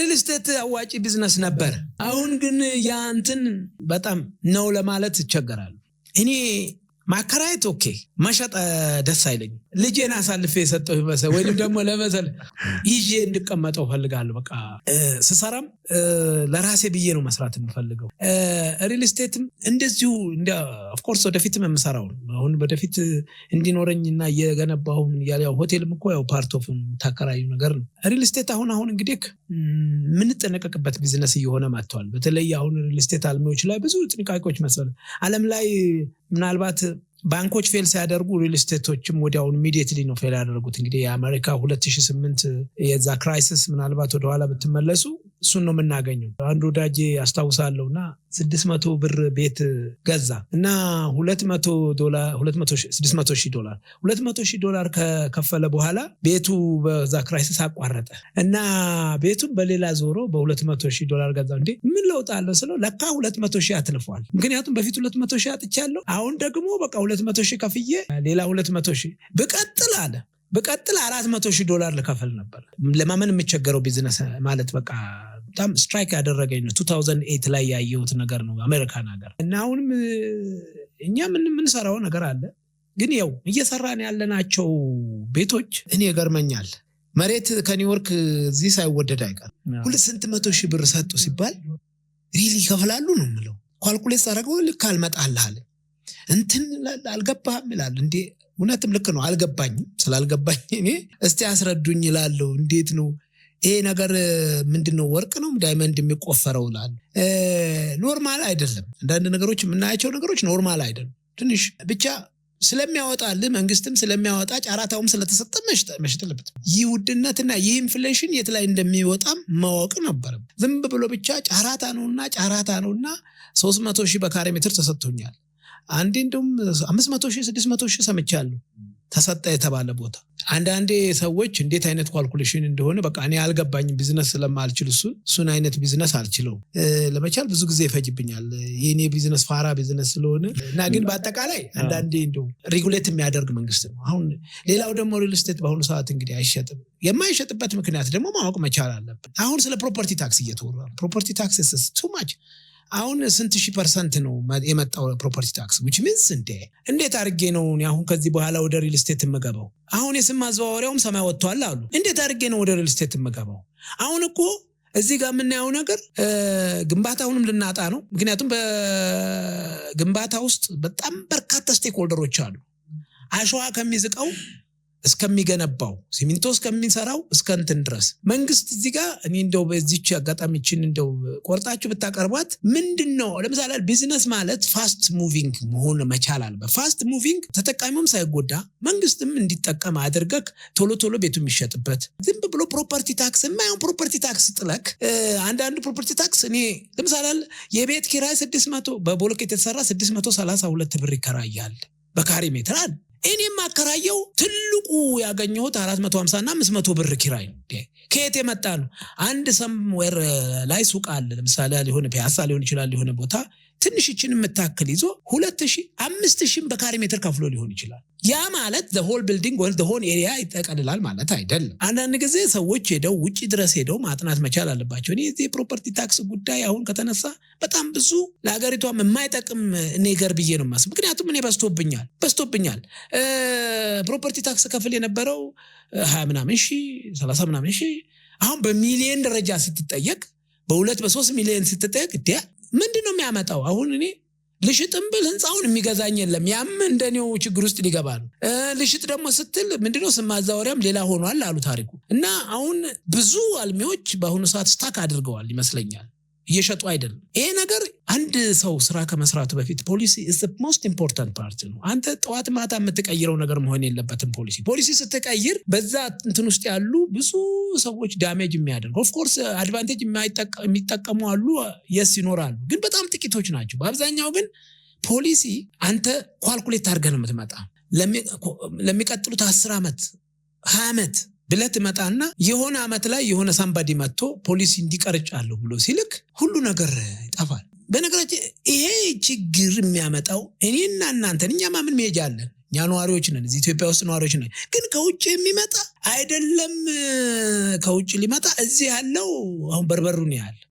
ሪል ስቴት አዋጭ ቢዝነስ ነበር። አሁን ግን ያንትን በጣም ነው ለማለት ይቸገራሉ። እኔ ማከራየት ኦኬ፣ መሸጥ ደስ አይለኝ። ልጄን አሳልፌ የሰጠው ይመሰል ወይም ደግሞ ለመሰል ይዤ እንድቀመጠው ፈልጋለሁ። በቃ ስሰራም ለራሴ ብዬ ነው መስራት የምፈልገው። ሪል ስቴትም እንደዚሁ ኦፍኮርስ ወደፊትም የምሰራው አሁን ወደፊት እንዲኖረኝ እና እየገነባሁ ያው ሆቴልም እኮ ያው ፓርት ኦፍ ታከራዩ ነገር ነው። ሪል ስቴት አሁን አሁን እንግዲህ የምንጠነቀቅበት ቢዝነስ እየሆነ መጥተዋል። በተለይ አሁን ሪል ስቴት አልሚዎች ላይ ብዙ ጥንቃቄዎች መስለ አለም ላይ ምናልባት ባንኮች ፌል ሲያደርጉ ሪል ስቴቶችም ወዲያውን ኢሚዲየትሊ ነው ፌል ያደረጉት። እንግዲህ የአሜሪካ 2008 የዛ ክራይሲስ ምናልባት ወደኋላ ብትመለሱ እሱን ነው የምናገኘው። አንዱ ወዳጄ አስታውሳለሁ እና ስድስት መቶ ብር ቤት ገዛ እና ሁለት መቶ ዶላር ስድስት መቶ ሺህ ዶላር ሁለት መቶ ሺህ ዶላር ከከፈለ በኋላ ቤቱ በዛ ክራይሲስ አቋረጠ እና ቤቱን በሌላ ዞሮ በሁለት መቶ ሺህ ዶላር ገዛ። እንዴ ምን ለውጥ አለው ስለው ለካ ሁለት መቶ ሺህ አትልፏል። ምክንያቱም በፊት ሁለት መቶ ሺህ አጥቻለሁ። አሁን ደግሞ በቃ ሁለት መቶ ሺህ ከፍዬ ሌላ ሁለት መቶ ሺህ ብቀጥል አለ ብቀጥል አራት መቶ ሺህ ዶላር ልከፍል ነበር። ለማመን የምቸገረው ቢዝነስ ማለት በቃ በጣም ስትራይክ ያደረገኝ ነው። 2008 ላይ ያየሁት ነገር ነው አሜሪካን ሀገር እና አሁንም እኛ የምንሰራው ነገር አለ ግን ያው እየሰራን ያለናቸው ቤቶች እኔ ይገርመኛል። መሬት ከኒውዮርክ እዚህ ሳይወደድ አይቀር ሁለት ስንት መቶ ሺህ ብር ሰጡ ሲባል ሪሊ ይከፍላሉ ነው የምለው። ኳልኩሌት ሳደርገው ልክ አልመጣልሃል እንትን አልገባህም ይላል። እንዴ እውነትም ልክ ነው አልገባኝም። ስላልገባኝ እኔ እስቲ አስረዱኝ ይላለሁ። እንዴት ነው ይሄ ነገር ምንድነው ወርቅ ነው ዳይመንድ የሚቆፈረው ላል ኖርማል አይደለም። አንዳንድ ነገሮች የምናያቸው ነገሮች ኖርማል አይደለም። ትንሽ ብቻ ስለሚያወጣል መንግስትም ስለሚያወጣ ጨረታውም ስለተሰጠ መሸጥ ይህ ውድነትና ይህ ኢንፍሌሽን የት ላይ እንደሚወጣም ማወቅ ነበርም። ዝም ብሎ ብቻ ጨረታ ነውና ጨረታ ነውና ሶስት መቶ ሺህ በካሬ ሜትር ተሰጥቶኛል። አንዴ እንደውም አምስት መቶ ሺህ ስድስት መቶ ሺህ ሰምቻለሁ ተሰጠ የተባለ ቦታ አንዳንዴ ሰዎች እንዴት አይነት ኳልኩሌሽን እንደሆነ በቃ እኔ አልገባኝም። ቢዝነስ ስለማልችል እሱ እሱን አይነት ቢዝነስ አልችለው ለመቻል ብዙ ጊዜ ይፈጅብኛል። የእኔ ቢዝነስ ፋራ ቢዝነስ ስለሆነ እና ግን በአጠቃላይ አንዳንዴ እንደው ሪጉሌት የሚያደርግ መንግስት ነው። አሁን ሌላው ደግሞ ሪል ስቴት በአሁኑ ሰዓት እንግዲህ አይሸጥም። የማይሸጥበት ምክንያት ደግሞ ማወቅ መቻል አለብን። አሁን ስለ ፕሮፐርቲ ታክስ እየተወራ ፕሮፐርቲ ታክስ ቱ ማች አሁን ስንት ሺህ ፐርሰንት ነው የመጣው ፕሮፐርቲ ታክስ ዊች ሚንስ እንዴ እንዴት አድርጌ ነው አሁን ከዚህ በኋላ ወደ ሪል ስቴት የምገባው? አሁን የስም ማዘዋወሪያውም ሰማይ ወጥቷል አሉ። እንዴት አድርጌ ነው ወደ ሪል ስቴት የምገባው? አሁን እኮ እዚህ ጋር የምናየው ነገር ግንባታውንም ልናጣ ነው። ምክንያቱም በግንባታ ውስጥ በጣም በርካታ ስቴክ ሆልደሮች አሉ። አሸዋ ከሚዝቀው እስከሚገነባው ሲሚንቶ እስከሚሰራው እስከ እንትን ድረስ መንግስት እዚህ ጋር እኔ እንደው በዚች አጋጣሚችን እንደው ቆርጣችሁ ብታቀርቧት ምንድን ነው ለምሳሌ ቢዝነስ ማለት ፋስት ሙቪንግ መሆን መቻል አለ። ፋስት ሙቪንግ ተጠቃሚውም ሳይጎዳ መንግስትም እንዲጠቀም አድርገክ ቶሎ ቶሎ ቤቱ የሚሸጥበት ዝም ብሎ ፕሮፐርቲ ታክስ የማይሆን ፕሮፐርቲ ታክስ ጥለክ አንዳንድ ፕሮፐርቲ ታክስ እኔ ለምሳሌ የቤት ኪራይ ስድስት መቶ በቦሎኬት የተሰራ ስድስት መቶ ሰላሳ ሁለት ብር ይከራያል በካሬ ሜትር እኔ የማከራየው ትልቁ ያገኘሁት አራት መቶ ሀምሳ እና አምስት መቶ ብር ኪራይ ነው። ከየት የመጣ ነው? አንድ ሰምዌር ላይ ሱቅ አለ ለምሳሌ ሊሆን ፒያሳ ሊሆን ይችላል የሆነ ቦታ ትንሽችን የምታክል ይዞ ሁለት ሺ አምስት ሺህም በካሬ ሜትር ከፍሎ ሊሆን ይችላል። ያ ማለት ሆል ቢልዲንግ ወይ ሆን ኤሪያ ይጠቀልላል ማለት አይደለም። አንዳንድ ጊዜ ሰዎች ሄደው ውጭ ድረስ ሄደው ማጥናት መቻል አለባቸው። እኔ የዚህ የፕሮፐርቲ ታክስ ጉዳይ አሁን ከተነሳ በጣም ብዙ ለሀገሪቷም የማይጠቅም ኔገር ብዬ ነው የማስብ። ምክንያቱም እኔ በስቶብኛል በስቶብኛል ፕሮፐርቲ ታክስ ከፍል የነበረው ሀያ ምናምን ሺ ሰላሳ ምናምን ሺህ አሁን በሚሊየን ደረጃ ስትጠየቅ በሁለት በሶስት ሚሊየን ስትጠየቅ ዲ ምንድን ነው የሚያመጣው? አሁን እኔ ልሽጥም ብል ህንፃውን የሚገዛኝ የለም። ያም እንደኔው ችግር ውስጥ ሊገባ ነው። ልሽጥ ደግሞ ስትል ምንድነው ስማዛወሪያም ሌላ ሆኗል አሉ ታሪኩ እና አሁን ብዙ አልሚዎች በአሁኑ ሰዓት ስታክ አድርገዋል ይመስለኛል እየሸጡ አይደለም። ይሄ ነገር አንድ ሰው ስራ ከመስራቱ በፊት ፖሊሲ ሞስት ኢምፖርታንት ፓርት ነው። አንተ ጠዋት ማታ የምትቀይረው ነገር መሆን የለበትም። ፖሊሲ ፖሊሲ ስትቀይር በዛ እንትን ውስጥ ያሉ ብዙ ሰዎች ዳሜጅ የሚያደርግ ኦፍኮርስ አድቫንቴጅ የሚጠቀሙ አሉ፣ የስ ይኖራሉ፣ ግን በጣም ጥቂቶች ናቸው። በአብዛኛው ግን ፖሊሲ አንተ ኳልኩሌት አድርገህ ነው የምትመጣ ለሚቀጥሉት አስር ዓመት ሀያ ዓመት ብለህ ትመጣና የሆነ ዓመት ላይ የሆነ ሳምባዲ መጥቶ ፖሊሲ እንዲቀርጫለሁ ብሎ ሲልክ ሁሉ ነገር ይጠፋል። በነገራችን ይሄ ችግር የሚያመጣው እኔና እናንተን እኛማ ምን መሄጃ አለን? እኛ ነዋሪዎች ነን፣ እዚህ ኢትዮጵያ ውስጥ ነዋሪዎች ነን። ግን ከውጭ የሚመጣ አይደለም፣ ከውጭ ሊመጣ እዚህ ያለው አሁን በርበሩን ያህል